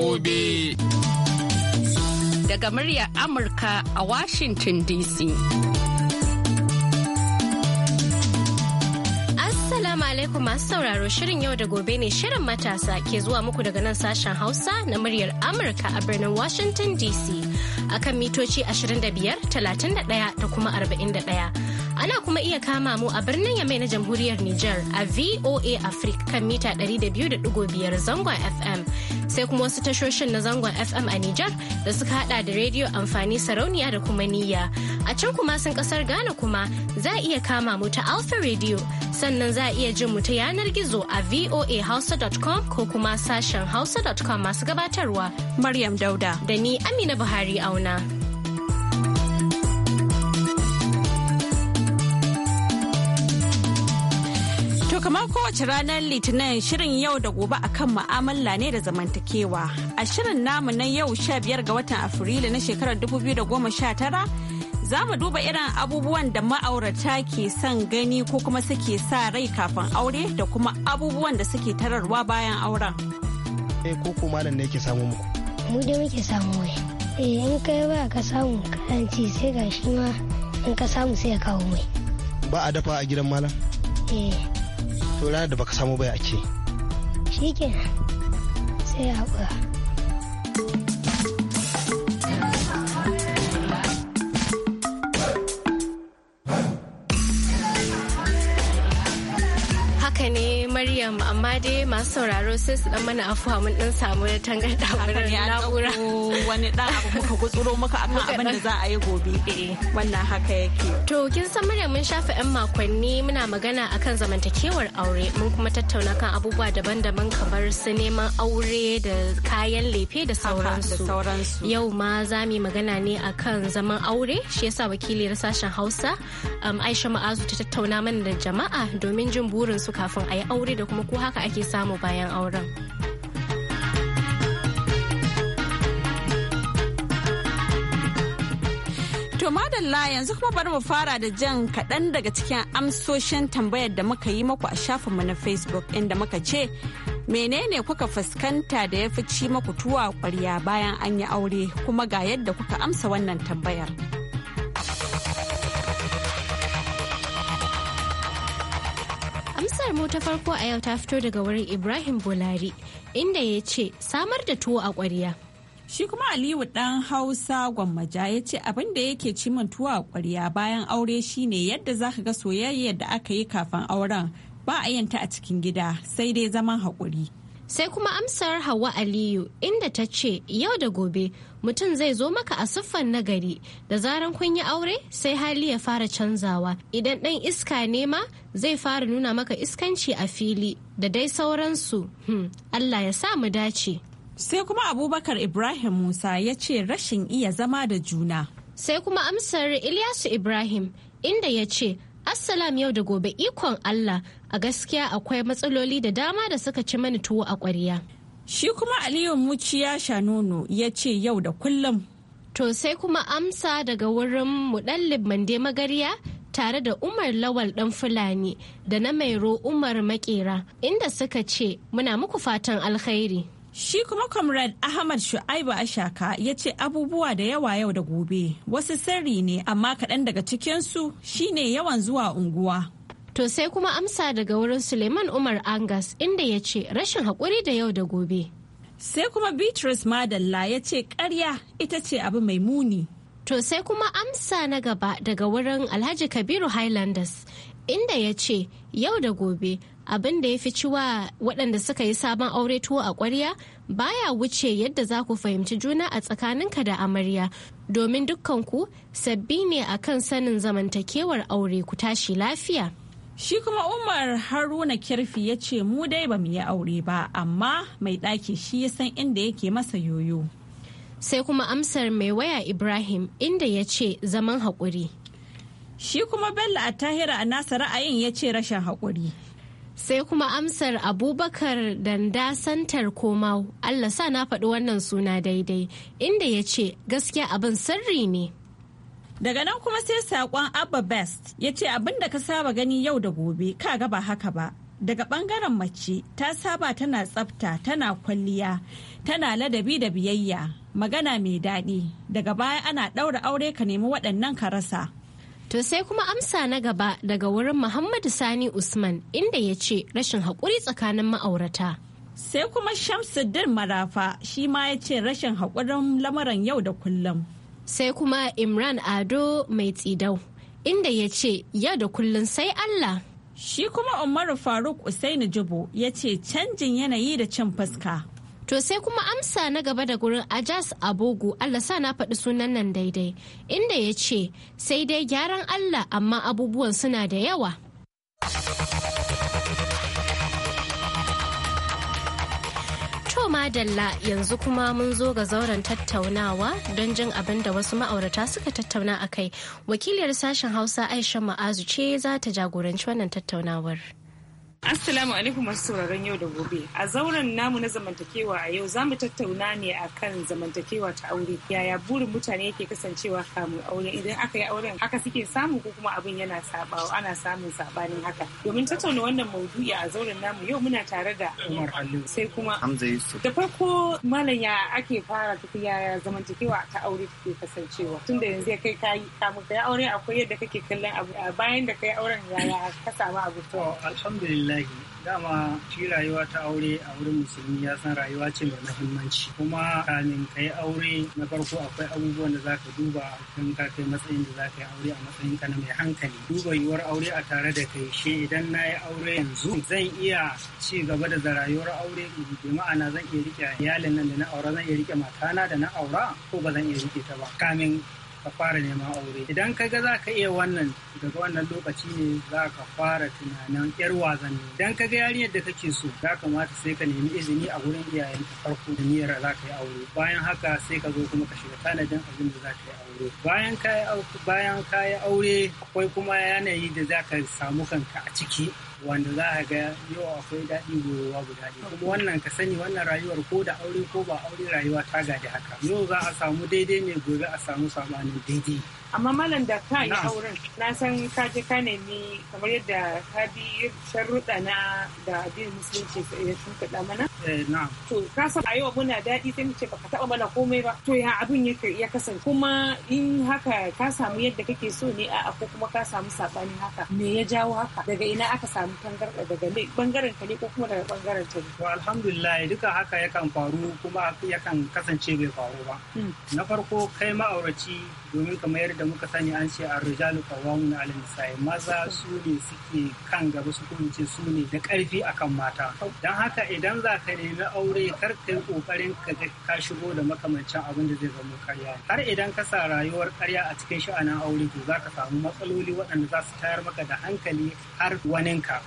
gobe. Daga muryar Amurka a Washington DC. Assalamu alaikum masu sauraro shirin yau da gobe ne shirin matasa ke zuwa muku daga nan sashen Hausa na muryar Amurka a birnin Washington DC akan mitoci 25, 31 da kuma 41. ana kuma iya kama mu a birnin yamai na jamhuriyar Nijar a VOA Africa kan mita 200.5 zangon FM sai kuma wasu tashoshin na zangon FM a Nijar da suka hada da rediyo amfani sarauniya da kuma niyya. A can kuma sun kasar Ghana kuma za a iya kama mu ta Alpha Radio sannan za a iya jin mu ta yanar gizo a voahausa.com ko kuma sashen hausa.com masu gabatarwa. Maryam Dauda. Da ni Amina Buhari auna. kamar kowace ranar litinin shirin yau da gobe akan mu'amala ne da zamantakewa a shirin namu na yau 15 ga watan afrilu na shekarar 2019 za mu duba irin abubuwan da ma'aurata ke son gani ko kuma suke sa rai kafin aure da kuma abubuwan da suke tararwa bayan auren eh ko kuma malam ne yake samu muku mu dai muke samu wai eh in kai ba ka samu karanci sai gashi ma in ka samu sai ka kawo mai ba a dafa a gidan malam eh to da baka samu bai a ce shikenan sai haƙura yamma amma dai masu sauraro sai su dan mana afuwa mun dan samu da tangarda wurin na'ura wani dan abu muka gutsuro muka akan abin da za a yi gobe eh wannan haka yake to kin san murya mun shafa yan makonni muna magana akan zamantakewar aure mun kuma tattauna kan abubuwa daban-daban kamar su neman aure da kayan lefe da sauransu yau ma za mu magana ne akan zaman aure shi yasa wakiliyar sashen Hausa um, Aisha Ma'azu ta tattauna mana da jama'a domin jin burin su kafin a yi aure da kuma samu ko haka ake samu bayan auren To madalla yanzu kuma bari mu fara da jan kaɗan daga cikin amsoshin tambayar da muka yi maku a shafinmu na Facebook inda muka ce, menene kuka fuskanta da ya fi ci maku tuwa ƙwarya bayan an yi aure kuma ga yadda kuka amsa wannan tambayar. Amsar mu ta farko a yau ta fito daga wurin Ibrahim Bolari inda ya ce samar da tuwo a kwariya. Shi kuma Aliyu dan Hausa Gwammaja ya ce abin da yake cimin tuwo a kwariya bayan aure shine yadda za ka ga soyayyar da aka yi kafin auren ba a yanta a cikin gida sai dai zaman haƙuri. Sai kuma amsar Hawa Aliyu inda ta ce yau da gobe mutum zai zo maka a siffan nagari da zaran kun yi aure sai hali ya fara canzawa idan ɗan iska ne ma zai fara nuna maka iskanci a fili da dai sauransu hmm. Allah ya sa mu dace. Sai kuma Abubakar Ibrahim Musa ya ce rashin iya zama da juna. Sai kuma amsar Ilyasu Ibrahim inda ya ce Assalam yau da gobe ikon Allah a gaskiya akwai matsaloli da dama da suka ci mani tuwo a ƙwarya. Shi kuma Aliyu Muciya Shanono ya ce yau da kullum. To sai kuma amsa daga wurin Muɗallib Mande Magariya tare da Umar Lawal ɗan Fulani da na Mairo Umar Makera inda suka ce muna muku fatan alkhairi. Shi kuma Comrade Ahmad Shu'aibu Ashaka ya ce abubuwa da yawa yau da gobe wasu sirri ne amma kaɗan daga cikinsu shine yawan zuwa unguwa To sai kuma amsa daga wurin Suleiman Umar Angas inda ya ce rashin haƙuri da yau da gobe. Sai kuma Beatrice Madalla ya ce ƙarya ita ce abu mai muni. To sai kuma amsa na gaba daga wurin Alhaji Kabiru Highlanders inda ya ce yau da gobe abin da ya fi ciwa waɗanda suka yi sabon aure tuwo a ƙwarya baya wuce yadda za ku fahimci juna a tsakaninka da amarya domin dukkanku sabbi ne akan sanin zamantakewar aure ku tashi lafiya. Shi kuma Umar Haruna Kirfi ya ce mu dai ba mu yi aure ba amma mai ɗaki shi ya san inda yake masa yoyo. Sai kuma amsar mai waya Ibrahim inda ya ce zaman haƙuri. Shi kuma Bello a tahira a nasa ra'ayin ya ce rashin haƙuri. Sai kuma amsar Abubakar danda santar komau Allah sa na faɗi wannan suna daidai inda ya ce gaskiya abin sirri ne. Daga nan kuma sai saƙon Abba Best ya ce abin da ka saba gani yau da gobe ka ga ba haka ba. Daga ɓangaren mace ta saba tana tsafta tana kwalliya tana ladabi da biyayya magana mai daɗi daga baya ana ɗaura aure ka nemi waɗannan ka rasa. To sai kuma amsa na gaba daga wurin Muhammadu Sani Usman inda ya ce rashin haƙuri tsakanin ma'aurata. sai kuma shamsuddin marafa shi ma ya ce rashin haƙurin lamarin yau da kullum sai kuma imran ado mai tsidau inda ya ce yau da kullun sai allah shi kuma umaru faruk usaini jubo ya ce canjin yanayi da cin fuska To sai kuma amsa na gaba da gurin Ajas Abogu Allah sa na faɗi sunan nan daidai inda ya ce sai dai gyaran Allah amma abubuwan suna da yawa. madalla yanzu kuma mun zo ga zauren tattaunawa don jin abin da wasu ma'aurata suka tattauna a kai wakiliyar sashen hausa aisha ma'azu ce za ta jagoranci wannan tattaunawar. Assalamu alaikum masu sauraron yau da gobe. A zauren namu na zamantakewa a yau za mu tattauna ne a kan zamantakewa ta aure. Yaya burin mutane yake kasancewa kamun aure idan aka yi auren haka suke samu ko kuma abin yana sabawa ana samun sabanin haka. Domin tattauna wannan maudu'i a zauren namu yau muna tare da Umar Aliyu sai kuma Hamza Yusuf. Da farko malam ya ake fara tafi yaya zamantakewa ta aure take kasancewa. da yanzu kai ka yi kamun ka aure akwai yadda kake kallon abu bayan da kai auren yaya ka samu abu. Alhamdulillah lillahi dama shi rayuwa ta aure a wurin musulmi ya san rayuwa ce mai mahimmanci kuma kamin ka yi aure na farko akwai abubuwan da za ka duba kan ka kai matsayin da za ka yi aure a matsayin ka na mai hankali duba yiwuwar aure a tare da kai shi idan na yi aure yanzu zan iya ci gaba da rayuwar aure bi ma'ana zan iya rike iyalin nan da na aura zan iya rike matana da na aura ko ba zan iya rike ta ba kamin ka fara neman aure idan ka ga za ka iya wannan daga wannan lokaci ne za ka fara tunanin yar wazanni idan ka ga yarinyar da kake so ya kamata sai ka nemi izini a wurin iyayen farko da niyyar za ka yi aure bayan haka sai ka zo kuma ka shiga tanadin abin da za ka yi aure bayan ka yi aure akwai kuma yanayi da za ka samu kanka a ciki wanda za a ga yau akwai daɗi gobe babu daɗi kuma wannan ka sani wannan rayuwar ko da aure ko ba aure rayuwa ta gaji haka yau za a samu daidai ne gobe a samu samanin daidai amma malam da ka yi auren na san ka je ka nemi kamar yadda ka bi sharruɗa na da addinin musulunci sun kaɗa mana eh, to ka san a yau muna daɗi sai ce baka taɓa mana komai ba to ya abin ya kasance kuma in haka ka samu yadda kake so ne a'a ko kuma ka samu saɓanin haka me ya jawo haka daga ina aka samu samu tangarɗa bangaren ka ne ko kuma daga bangaren ta to alhamdulillah duka haka yakan faru kuma yakan kasance bai faru ba hmm. na farko kai ma'auraci domin ka mayar da muka sani an ce Rujalu qawwamuna 'ala nisa'i maza su ne suke kan gaba su kuma ce su ne da karfi akan mata Don haka idan za ka nemi aure kar ka yi kokarin ka ka shigo da makamancin abin da zai zama karya har idan ka sa rayuwar karya a cikin sha'anan aure to za ka samu matsaloli waɗanda za su tayar maka da hankali har waninka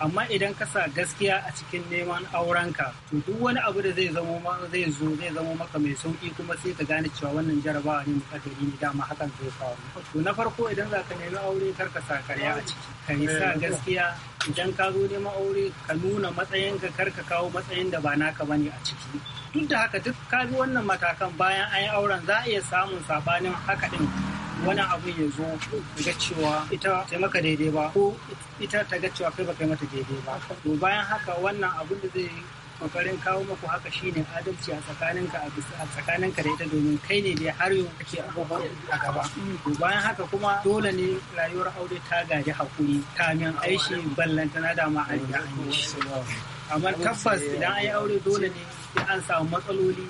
amma idan ka sa gaskiya a cikin neman aurenka to duk wani abu da zai zamo zai zo zai zamo maka mai sauƙi kuma sai ka gane cewa wannan jarabawa ne mukaddari addini dama hakan zai faru to na farko idan za ka nemi aure kar ka sa karya a ciki ka yi sa gaskiya idan ka zo neman aure ka nuna matsayinka kar ka kawo matsayin da ba naka bane a ciki duk da haka duk ka bi wannan matakan bayan an yi auren za a iya samun sabanin haka din wani abu ya zo ga cewa ita ta maka daidai ba ko ita ta ga cewa kai ba kai mata daidai ba to bayan haka wannan abin da zai kokarin kawo maku haka shine adalci a tsakaninka a tsakaninka da ita domin kai ne da har yau kake abubuwa a gaba bayan haka kuma dole ne rayuwar aure ta gaji hakuri ta kamin aishi ballantana da ma a amma tabbas idan an yi aure dole ne an samu matsaloli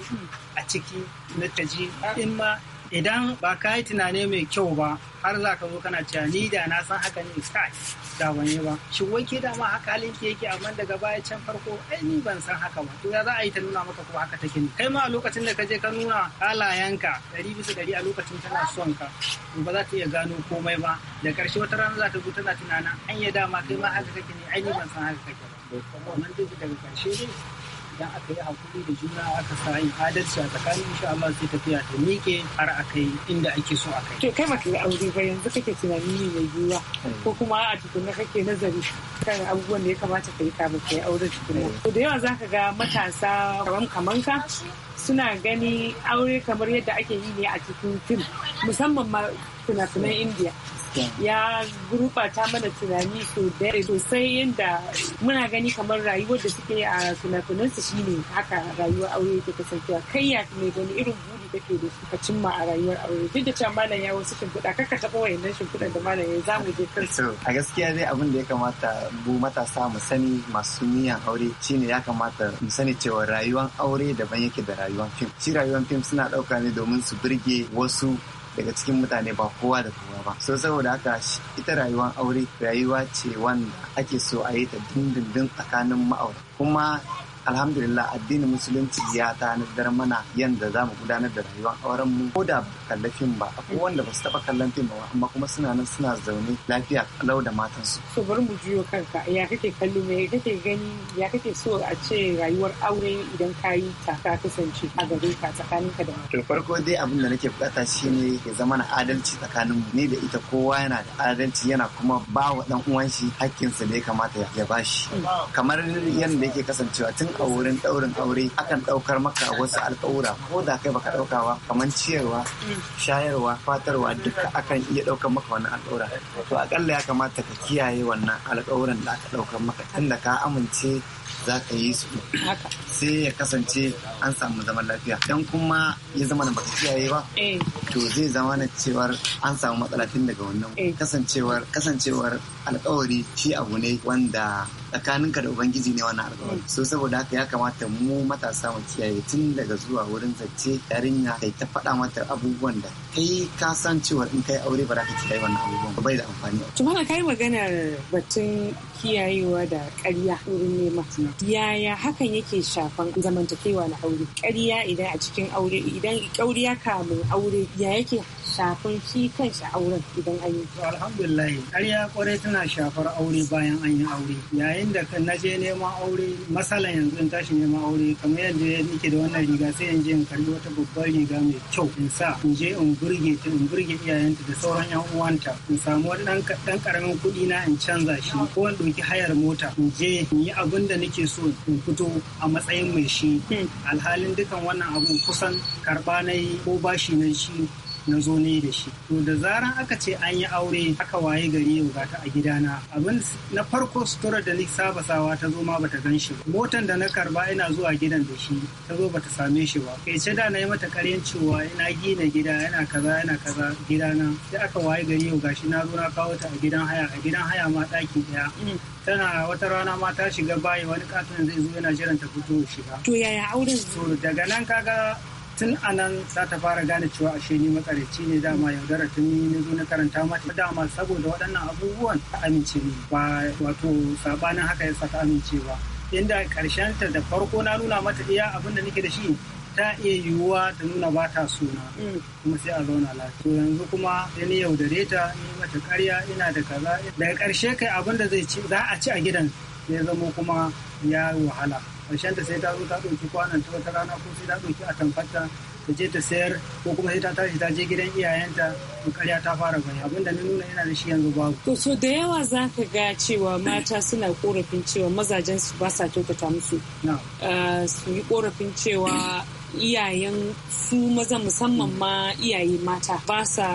a ciki na taji in ma idan ba ka yi tunani mai kyau ba har za ka zo kana cewa ni da na san haka ne kai da ban yi ba shi wanke da ma haka halin ke yake amma daga baya can farko ai ni ban san haka ba to ya za a yi ta nuna maka kuma haka take ne kai ma a lokacin da ka je ka nuna halayenka ɗari bisa ɗari a lokacin tana son ka to ba za ta iya gano komai ba da ƙarshe wata rana za ta zo tana tunanin an ya dama kai ma haka kake ne ai ni ban san haka kake ba wannan daga karshe. ne idan aka yi hakuri da juna aka sa yin adalci a tsakanin shi amma sai tafiya ta miƙe har a kai inda ake so a kai. To kai baka yi aure ba yanzu kake tunani ne mai yiwuwa ko kuma a tukuna kake nazari kan abubuwan da ya kamata ka yi kafin ka yi aure tukuna. To da yawa za ka ga matasa kamar kaman ka suna gani aure kamar yadda ake yi ne a cikin fim musamman ma fina-finan Indiya. ya ta mana tunani sosai yadda muna gani kamar rayuwar da suke a sunafinan su shine haka rayuwar aure ke kasancewa kai ya mai gani irin buri ke da su ka cimma a rayuwar aure duk da cewa malam ya wasu shimfiɗa kar ka taɓa wayannan shimfiɗa da malam ya zamu mu je su. a gaskiya dai abin da ya kamata mu matasa mu sani masu niyan aure shine ya kamata mu sani cewa rayuwar aure daban yake da rayuwar fim shi rayuwar fim suna ɗauka ne domin su birge wasu daga cikin mutane ba kowa da kowa ba so saboda haka ita rayuwar aure rayuwa ce wanda ake so a yi ta dindindin tsakanin ma'aurata kuma alhamdulillah addinin musulunci ya tanadar mana yanda za mu gudanar da rayuwar auren mu ko da kallafin ba akwai wanda ba su taba kallon fim ba amma kuma suna nan suna zaune lafiya kalau da matan su so bari mu juyo kanka ya kake kallo me kake gani ya kake so a ce rayuwar aure idan ka yi ta ka kasance a gare ka ka da mu to farko dai abin da nake bukata shine ya zama na adalci tsakanin mu ni da ita kowa yana da adalci yana kuma ba wa dan uwan shi hakkinsa da ya kamata ya bashi hmm. kamar yadda yake kasancewa tun a wurin ɗaurin aure akan ɗaukar maka wasu alƙawura ko da kai baka ɗaukawa kamar ciyarwa shayarwa fatarwa duka akan iya ɗaukar maka wannan alƙawura to aƙalla ya kamata ka kiyaye wannan alƙawuran da aka ɗaukar maka tunda ka amince za ka yi su sai ya kasance an samu zaman lafiya Don kuma ya zama da baka kiyaye ba eh. to zai zama na cewar an samu matsala tun daga wannan eh. kasancewar alkawari shi abu ne wanda tsakaninka da ubangiji ne wannan alkawari mm. so saboda haka ya kamata mu matasa mu kiyaye tun daga zuwa wurin zace yarinya kai ta faɗa mata abubuwan da kai ka san cewa in kai aure ba za ka kiyaye wannan abubuwan bai da amfani. tumana kai maganar batun kiyayewa da ƙarya wurin nema yaya hakan yake shafan zamantakewa na aure ƙarya idan a cikin aure idan ya kamun aure ya yake shafin shi kanshi auren idan an yi. Alhamdulillah, ƙarya kwarai tana shafar aure bayan an yi aure. Yayin da na je neman aure, masala yanzu in tashi neman aure, kamar yadda nake da wannan riga sai in je in karbi wata babbar riga mai kyau in sa in je in burge ta in burge iyayenta da sauran yan uwanta in samu wani ɗan ƙaramin kuɗi na in canza shi ko in ɗauki hayar mota in je in yi abin da nake so in fito a matsayin mai shi hmm. alhalin dukan wannan abun kusan karɓa na yi ko bashi na shi na zo ne da shi to da zaran aka ce an yi aure aka waye gari yau buga ta a gidana abin na farko sutura da ni saba sawa ta zo ma bata gan shi motan da na karba ina zuwa gidan da shi ta zo bata same shi ba kai ce da na yi mata karyan cewa ina gina gida yana kaza yana kaza gidana sai aka waye gari yau shi. na zo na kawo ta a gidan haya a gidan haya ma ɗaki ɗaya mm. tana wata rana ma ta shiga bayi wani katon zai zo yana jiran ta fito shiga to yaya auren daga nan kaga tun nan za ta fara gane cewa ashe ni matsalaci ne dama yaudara tun ni na zo na karanta mata dama saboda waɗannan abubuwan ta amince ne. ba wato sabanin haka ya saka amincewa inda karshen ta da farko na nuna mata iya abin da nake da shi ta iya yiwuwa ta nuna ba ta suna mm. kuma sai a zauna lafiya yanzu kuma ya ni yaudare ta ni mata karya ina da kaza daga karshe kai abin da zai ci za a ci a gidan ya zamo kuma ya wahala ta sai ta zo ta ɗauki kwanan ta wata rana ko sai ta ɗauki a tamfarta ta je ta sayar ko kuma sai ta tashi ta je gidan iyayenta to ƙarya ta fara bai abinda na nuna yana da shi yanzu babu. To so da yawa za ka ga cewa mata suna korafin cewa mazajen su ba sa kyautata musu. Ah, su yi korafin cewa iyayen su maza musamman ma iyaye mata ba sa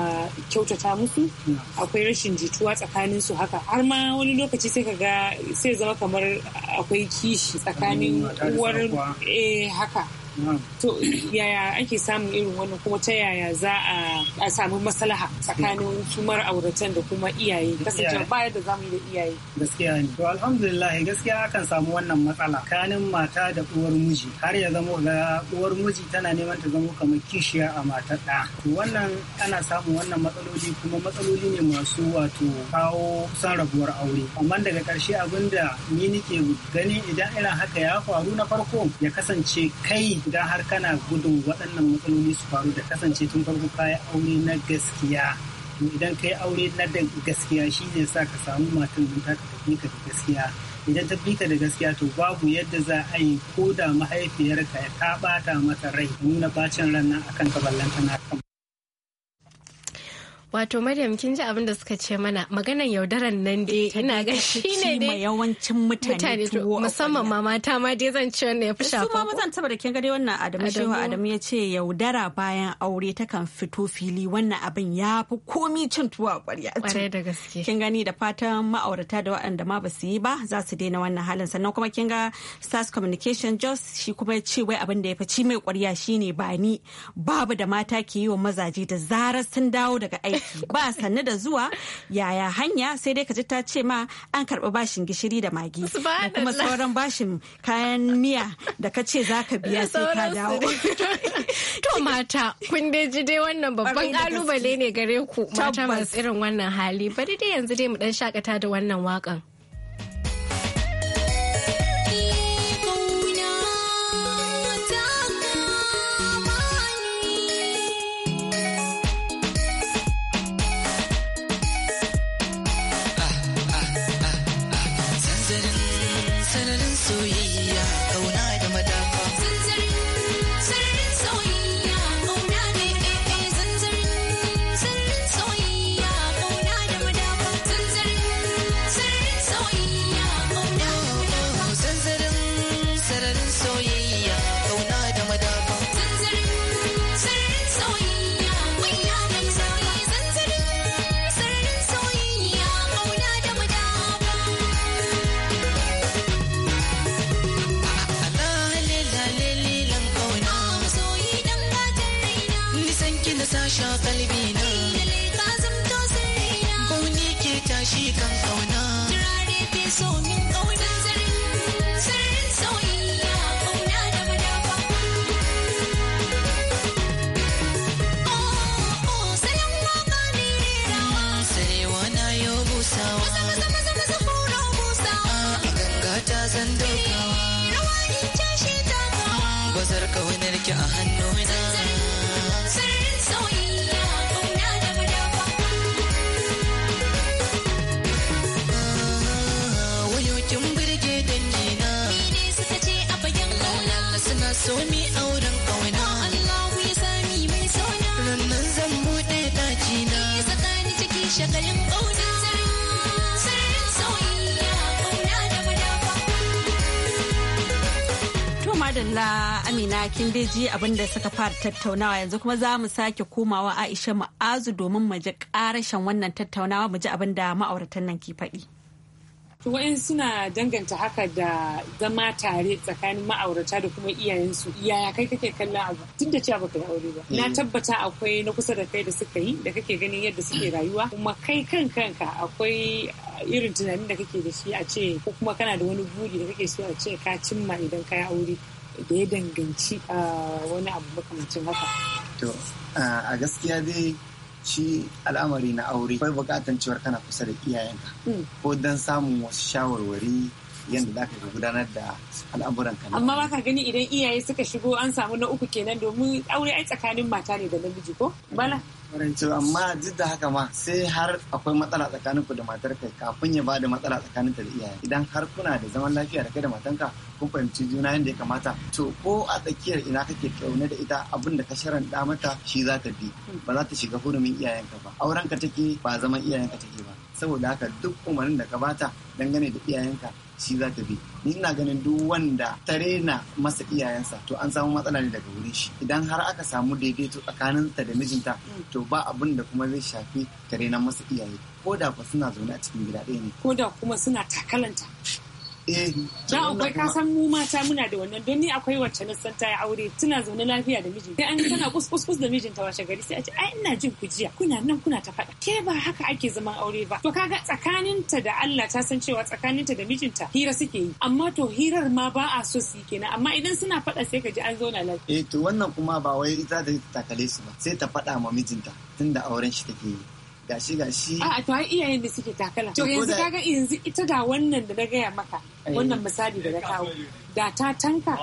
kyautata musu akwai rashin jituwa tsakanin su haka har ma wani lokaci sai ga sai zama kamar akwai kishi tsakanin uwar eh, haka to yaya ake samun irin wannan kuma ta yaya za a samu maslaha tsakanin su auratan da kuma iyaye kasancewa baya da zamu da iyaye gaskiya ne to alhamdulillah gaskiya akan samu wannan matsala kanin mata da uwar miji har ya zama ga uwar miji tana neman ta zama kamar kishiya a matar da to wannan ana samun wannan matsaloli kuma matsaloli ne masu wato kawo kusan rabuwar aure amma daga ƙarshe abinda ni nake gani idan irin haka ya faru na farko ya kasance kai idan har kana gudun waɗannan matsaloli su faru da kasance tun farko yi aure na gaskiya to idan kai aure na da gaskiya shi ne sa ka samu matan don ta tafi ka da gaskiya idan ta ka da gaskiya to babu yadda za a yi ko da mahaifiyarka ya ta ɓata mata rai nuna bacin ran nan akan ka ballantana kan Wato Maryam kin ji abin da suka ce mana maganan yaudaran nan dai eh, ina ga shine dai yawancin mutane musamman ma mata ma dai zan ce wannan ya fi shafa. Kuma ma saboda kin ga wannan Adamu Shehu Adamu ya ce yaudara bayan aure takan fito fili wannan abin ya fi komi cin tuwa kwarya. Kware da gaske. Kin gani da fatan ma'aurata da waɗanda ma ba su yi ba za su daina wannan halin sannan kuma kin ga Stars Communication Jos shi kuma ya ce wai abin da ya fi ci mai kwarya shine ba ni babu da mata ke yi wa mazaje da zarar sun dawo daga aiki. ba sannu da zuwa yaya hanya sai dai ka ji ta ce ma an karɓi bashin gishiri da magi da kuma sauran bashin kayan miya da ka ce za ka biya sai ka dawo. To mata kun dai ji dai wannan babban kalubale ne gare ku mata masu irin wannan hali bari dai yanzu dai mu dan shakata da wannan wakan. madalla amina kin ji abin da suka fara tattaunawa yanzu kuma za mu sake komawa aisha ma'azu domin mu ji karashen wannan tattaunawa mu ji abin da ma'auratan nan ke faɗi. wa'in suna danganta haka da zama tare tsakanin ma'aurata da kuma iyayensu yaya kai kake kallon abu tun da cewa baka yi aure ba na mm. tabbata akwai na kusa da kai da suka yi da kake ganin yadda suke mm. rayuwa kuma kai kan kanka akwai irin tunanin da kake da shi a ce ko kuma kana da wani buri da kake so a ce ka cimma idan ka yi aure da ya danganci a wani abu makamancin haka to a gaskiya dai shi al'amari na aure akwai bukatan cewar kana kusa da iyayenka hmm. ko don samun wasu shawarwari yadda za ka gudanar da al'amuran al'amuranka amma ba ka gani idan iyaye suka shigo an samu na uku kenan domin aure ai tsakanin mata ne da namiji ko bala amma duk da haka ma sai har akwai matsala tsakanin ku da matar kai kafin ya bada matsala tsakanin ta da iyaye idan har kuna da zaman lafiya da kai da matanka kun fahimci juna yadda ya kamata to ko a tsakiyar ina kake kaune da ita abin da ka sharanta mata shi za ta bi ba za ta shiga hurumin iyayenka ba aurenka take ba zaman iyayenka take ba saboda haka duk umarnin da ka bata dangane da iyayenka shi za ta bi ni ina ganin duk wanda ta rena masa iyayensa to an samu matsala ne daga wurin shi idan har aka samu daidaito tsakanin da mijinta mm. to ba abin da kuma zai shafi ta rena masa iyaye ko da kuma suna zaune a cikin gida ɗaya ne ko da kuma suna takalanta da akwai ka san mu mata muna da wannan don ni akwai wacce na san ta yi aure tana zaune lafiya da miji sai an tana kuskus da mijinta washe gari sai a ce ai ina jin kujiya kuna nan kuna ta faɗa ke ba haka ake zaman aure ba to kaga tsakaninta da Allah ta san cewa tsakaninta da mijinta hira suke yi amma to hirar ma ba a so su yi kenan amma idan suna faɗa sai ka ji an zauna lafiya eh to wannan kuma ba wai ita da takale su ba sai ta faɗa ma mijinta tunda auren shi take yi gashi gashi a to ai iyayen da suke takala to yanzu kaga yanzu ita da wannan da na gaya maka eh. wannan misali da na kawo da ta tanka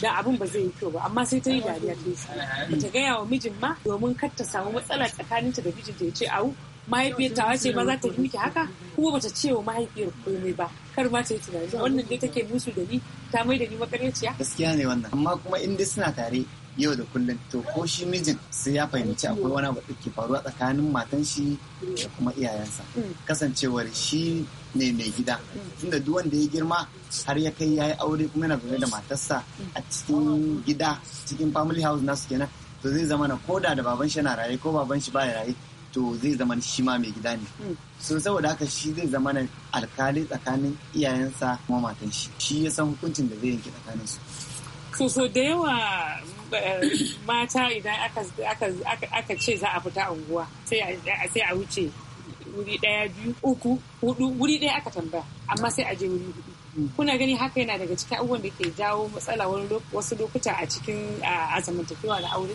da abin ba zai yi kyau ba amma sai ta yi dariya ta yi ta gaya wa mijin ma domin kar ta samu matsala tsakaninta da mijin da ya ce au mahaifiyar ta ce ma za ta yi miki haka kuma bata ce wa mahaifiyar komai ba kar ma ta yi tunani wannan dai take musu da ni ta mai da ni makaryaciya gaskiya ne wannan amma kuma in dai suna tare yau da kullum to ko shi mijin sai ya fahimci akwai wani abu da ke faruwa tsakanin matan shi da kuma iyayensa mm. kasancewar shi ne mai gida mm. tunda duk wanda ya girma har ya kai yayi aure kuma yana zaune da matarsa a cikin gida cikin family house nasu kenan to zai zama na koda da baban shi yana raye ko baban shi baya raye to zai zama shi ma mai gida ne mm. so saboda haka shi zai zama na alkali tsakanin iyayensa kuma matan shi shi ya san hukuncin da zai yanke tsakanin su so da yawa mata idan aka ce za a fita unguwa sai a wuce wuri ɗaya biyu uku hudu wuri ɗaya aka tambaya amma sai a je wuri hudu kuna gani haka yana daga cikin abubuwan da ke jawo matsala wasu lokuta a cikin azamantakewa da aure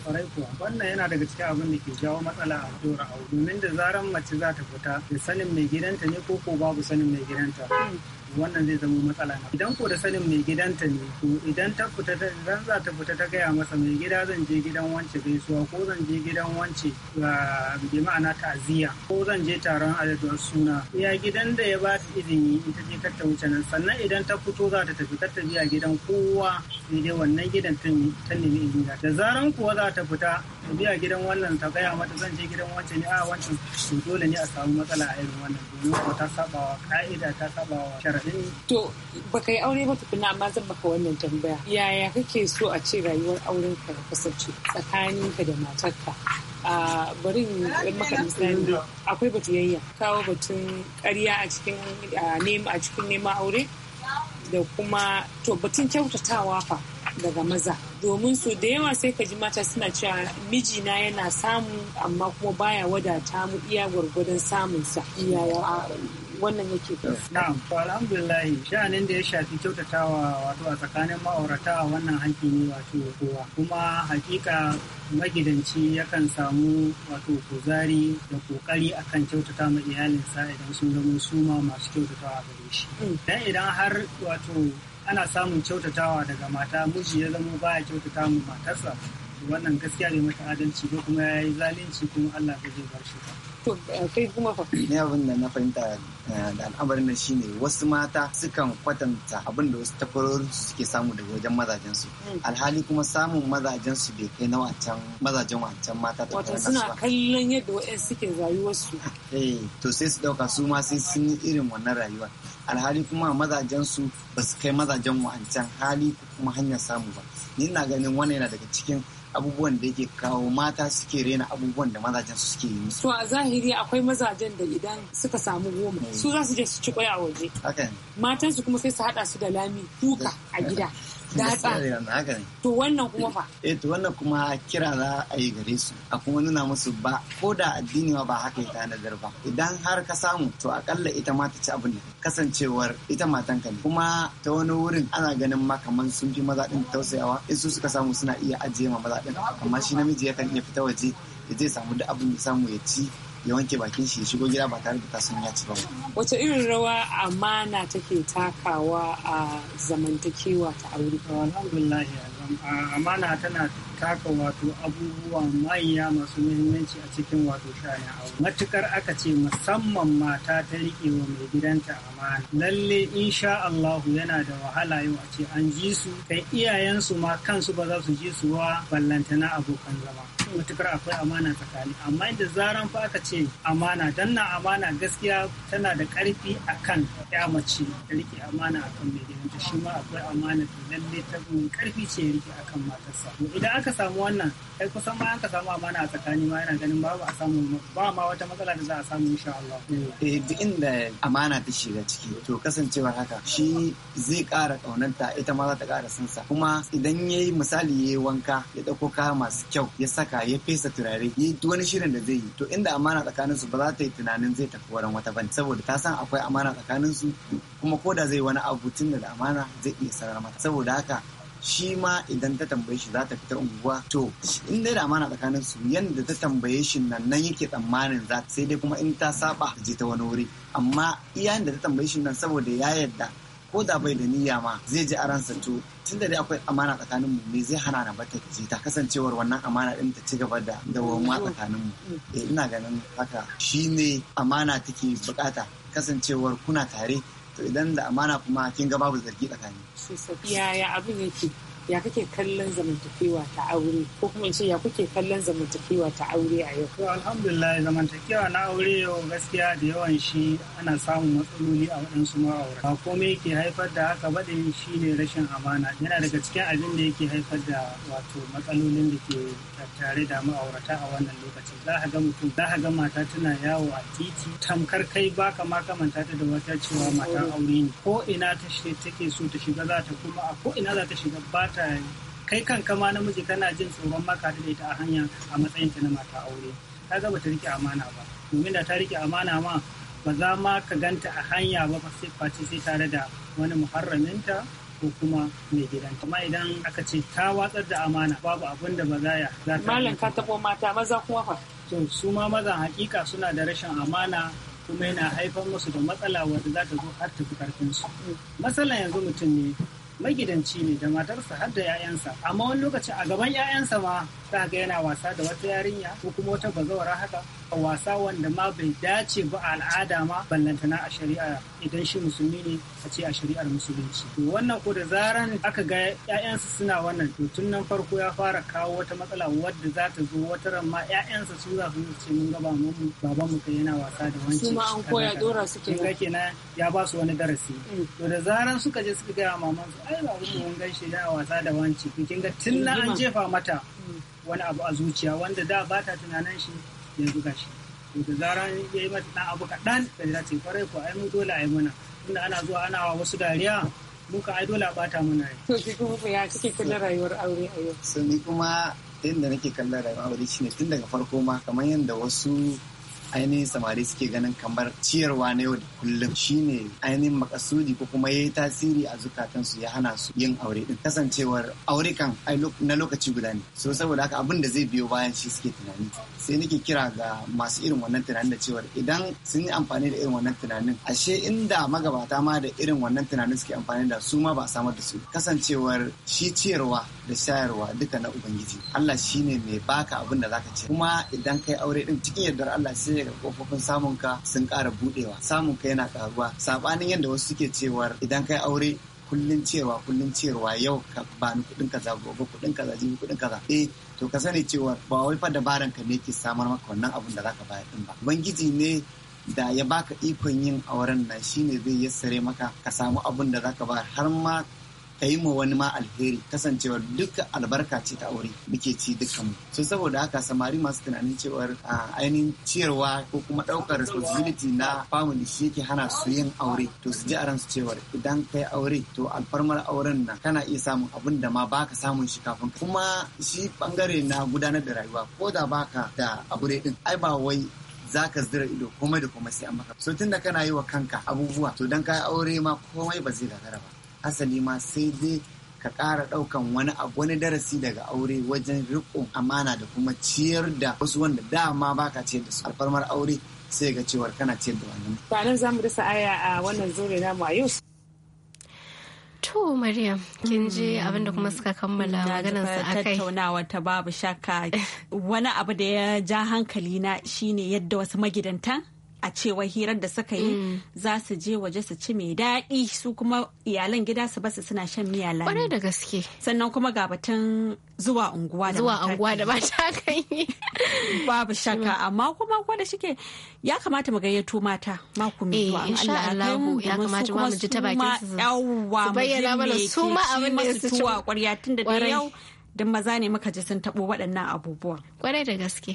wannan yana daga cikin abin da ke jawo matsala a dora aure domin da zarar mace za ta fita da sanin mai gidanta ne ko ko babu sanin mai gidanta mm. wannan zai zama matsala na idan ko da sanin mai gidanta ne to idan ta fita idan za ta fita ta gaya masa mai gida zan je gidan wance gaisuwa ko zan je gidan wance ah, bi ma'ana ta'aziyya ko zan je taron adadin suna ya gidan da ya ba izini ita ce ta wuce nan sannan idan ta fito za ta tafi ta biya gidan kowa sai dai wannan gidan ta nemi izini da zaran kuwa za ta fita ta biya gidan wannan ta gaya mata zan je gidan wancan ne a wancan to dole ne a samu matsala a irin wannan domin ko ta saba wa ka'ida ta saba wa sharadin to baka yi aure ba tukuna amma zan baka wannan tambaya yaya kake so a ce rayuwar aurenka ya kasance tsakaninka da matarka a bari maka misali akwai batuyayya kawo batun karya a cikin a cikin neman aure da kuma to batun kyautatawa fa daga maza domin su da yawa sai ka ji mata suna cewa mijina yana samu amma kuma baya wadata mu iya gwargwadon samunsa wannan yake na'am to alhamdulillah sha'anin da ya shafi kyautatawa wato a tsakanin ma'aurata a wannan hakki ne wato kowa kuma hakika magidanci yakan samu wato kuzari da kokari akan kyautata ma iyalinsa idan sun zama suma masu kyautatawa a gare shi mm. dan idan har wato ana samun kyautatawa daga mata miji ya zama baya kyautata mu matarsa wannan gaskiya ne mata adalci ko kuma ya yi zalunci kuma Allah ba zai bar shi ba. Eh, kai kuma fa. Ni abin da na fahimta eh, da al'amarin nan shine wasu mata sukan kwatanta abin da wasu takwarorin su suke samu daga wajen mazajen su. Hmm. Alhali kuma samun mazajen su bai kai na wancan mazajen wancan mata ta Wato suna kallon yadda wa'en suke rayuwarsu. Eh to sai su dauka su ma sai sun yi irin wannan rayuwa. Alhali kuma mazajen su ba su kai mazajen wancan hali kuma hanyar samu ba. Ni ina ganin wannan yana daga cikin abubuwan da yake kawo mata suke rena abubuwan da mazajen su suke yi to a zahiri akwai mazajen da idan suka samu goma mm. su za su je su ci kwai a waje matan su kuma sai su hada su da lami duka a gida datsa to wannan kuma fa eh to wannan kuma kira za a yi gare su a kuma nuna musu ba ko da addini ba haka ya da ba idan har ka samu to akalla ita ma ta ci abin kasancewar ita matan ka ne kuma ta wani wurin ana ganin ma kaman sun fi maza din tausayawa in su suka samu suna iya ajiye ma maza din amma shi namiji yakan iya fita waje ya je samu da abin samu ya ci ya wanke bakin shi ya shigo gida ba tare da ta san ya ci ba. Wace irin rawa amana take takawa a zamantakewa ta aure? Alhamdulillah amana tana taka wato abubuwa manya masu muhimmanci a cikin wato sha'anin aure. Matukar aka ce musamman mata ta riƙe wa mai gidanta amana. Lalle insha Allahu yana da wahala yau a ce an ji su kai iyayensu ma kansu ba za su ji su wa ballantana abokan zama. matukar akwai amana tsakani amma inda zaran fa aka ce amana dan na amana gaskiya tana da karfi akan ya mace da rike amana akan mai gidanta shi ma akwai amana da lalle ta karfi ce rike akan matarsa idan aka samu wannan kai kusan ma aka samu amana a tsakani ma yana ganin babu a samu ba ma wata matsala da za a samu insha Allah eh, eh duk inda amana ta shiga ciki to kasancewa haka shi zai ƙara ƙaunanta ita ma za ta ƙara sansa kuma idan yayi misali yayi wanka ya ɗauko kaya masu kyau ya saka ya fesa turare ya duk wani shirin da zai yi to inda amana tsakanin su ba za ta yi tunanin zai tafi wurin wata bane saboda ta san akwai amana tsakanin su kuma ko da zai wani abu tun da amana zai iya sarar mata saboda haka shi ma idan ta tambaye shi za ta fita unguwa to in dai da amana tsakanin su yanda ta tambaye shi nan nan yake tsammanin za sai dai kuma in ta saba je ta wani wuri amma iyayen da ta tambaye shi nan saboda ya yadda. ko da bai da niyya ma zai ji aran sa to tun da dai akwai amana tsakanin mu me zai hana na bata ji ta kasancewar wannan amana din ta ci gaba da dawoma mm-hmm. tsakanin mu mm-hmm. eh ina ganin haka shine amana take bukata kasancewar kuna tare to idan da amana kuma kin ga babu zargi tsakani yaya abin yake ya kake kallon zamantakewa ta aure ko kuma in ce ya kuke kallon zamantakewa ta aure a yau to alhamdulillah zamantakewa na aure yau gaskiya da yawan shi ana samun matsaloli a waɗansu ma'aurata ba komai yake haifar da haka baɗin shi ne rashin amana yana daga cikin abin da yake haifar da wato matsalolin da ke tare da ma'aurata a wannan lokacin za ka ga mutum za ka ga mata tana yawo a titi tamkar kai baka ma kamanta ta da wata cewa matan aure ne ko ina ta take so ta shiga za ta kuma a ko ina za ta shiga ba kamata kai kan kama namiji kana jin tsoron maka da ita a hanya a matsayin ta na mata aure Ta kaga bata rike amana ba domin da ta rike amana ma ba za ma ka ganta a hanya ba sai face sai tare da wani muharraminta ko kuma mai gidan amma idan aka ce ta watsar da amana babu abin da ba za ya za ta malam ka tabo mata maza kuma fa to su ma mazan hakika suna da rashin amana kuma yana haifar musu da matsala wanda za ta zo har ta fi karfin su mm. matsalan yanzu mutum ne magidanci ne da matarsa har da 'ya'yansa amma wani lokaci a gaban 'ya'yansa ma za ga yana wasa da wata yarinya ko kuma wata bazawara haka wasa wanda ma bai dace ba a al'ada ma ballantana a shari'a idan shi musulmi ne a ce a shari'ar musulunci wannan ko da zaran aka ga ƴaƴansu suna wannan to tun nan farko ya fara kawo wata matsala wadda za ta zo wata ran ma ƴaƴansu su za su ce mun gaba mu baban mu kai yana wasa da wancan su ma an koya dora su kenan kenan ya ba su wani darasi mm. to da zaran suka je suka ga maman su ai ba mun gaishe yana wasa da wancan. kin ga tun na an jefa mata mm. wani abu a zuciya wanda da ba ta tunanin shi yanzu shi to da zaran ya yi mata ɗan abu kaɗan da za ta yi ko ai mu dole ai mana tunda ana zuwa ana wa wasu dariya muka ai dole a bata mana. yi. To shi kuma ya kike kallon rayuwar aure a yau. Sani kuma yadda nake kallon rayuwar aure shine tun daga farko ma kamar yadda wasu ainihin samari suke ganin kamar ciyarwa na yau da kullum shine ainihin makasudi ko kuma yayi tasiri a zukatansu ya hana su yin aure din kasancewar aure na lokaci guda ne so saboda haka abin da zai biyo bayan shi suke tunani sai nake kira ga masu irin wannan tunanin da cewar idan sun yi amfani da irin wannan tunanin ashe inda magabata ma da irin wannan tunanin suke amfani da su ma ba samar da su kasancewar shi ciyarwa da shayarwa duka na ubangiji Allah shine mai baka abin da zaka ce kuma idan kai aure din cikin yardar Allah sai ne kofofin samun ka sun ƙara budewa samun ka yana karuwa sabanin yadda wasu suke cewar idan kai aure kullun cewa kullun cewa yau ka ba ni kuɗin kaza gobe kuɗin kaza jibi kuɗin kaza eh to ka sani cewa ba wai fa dabaran ka ne ke samar maka wannan abun da zaka bayar din ba bangiji ne da ya baka ikon yin auren nan shine zai yassare maka ka samu abun da zaka bayar har ma ka yi ma wani ma alheri kasancewar duka albarka ce ta aure muke ci dukkan mu so saboda haka samari masu tunanin cewar ainihin ciyarwa ko kuma ɗaukar responsibility na family shi yake hana su yin aure to su ji a ransu cewar idan ka yi aure to alfarmar auren na kana iya samun abin da ma baka samun shi kafin kuma shi bangare na gudanar da rayuwa ko da baka da aure din ai ba wai za ka zira ido komai da komai sai an maka so tunda kana yi wa kanka abubuwa to dan ka aure ma komai ba zai gagara ba asali ma sai dai ka ƙara ɗaukan wani abu wani darasi daga aure wajen riƙon amana da kuma ciyar da wasu wanda dama baka ciyar da su alfarmar aure sai ga cewar kana ciyar da wani Ba za mu dasa aya a wannan zure na mu a yau. To Maryam, kin ji hmm. abinda kuma suka kammala maganar su akai. Tattaunawa ta babu shakka. Wani abu da ya ja hankali na shine yadda wasu magidantan a cewa hirar da suka yi mm. za su je waje su ci mai daɗi su kuma iyalan gida su basu suna shan miya lami. Kwarai da gaske. Sannan kuma ga batun zuwa unguwa da Zuwa unguwa da mata kan yi. Babu shakka amma kuma ko da shike ya kamata mu gayyato mata mako mai eh, zuwa. Eh insha Allah ya kamata ma mu ji ta bakin su. Yawwa mu bayyana mana su ma abin da su tuwa kwarya tun da yau dan maza ne muka ji sun taɓo waɗannan abubuwan. Kwarai da gaske.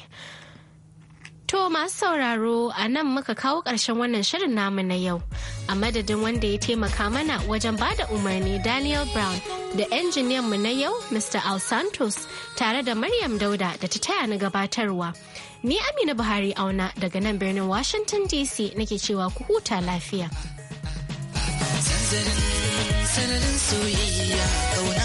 To masu sauraro a nan muka kawo ƙarshen wannan shirin namu na yau. A madadin wanda ya taimaka mana wajen bada umarni Daniel Brown da injiniyan mu na yau Mr. Al Santos tare da Maryam Dauda da ta taya na gabatarwa. Ni Amina Buhari auna daga nan birnin Washington DC nake cewa ku huta lafiya. Sanadin soyayya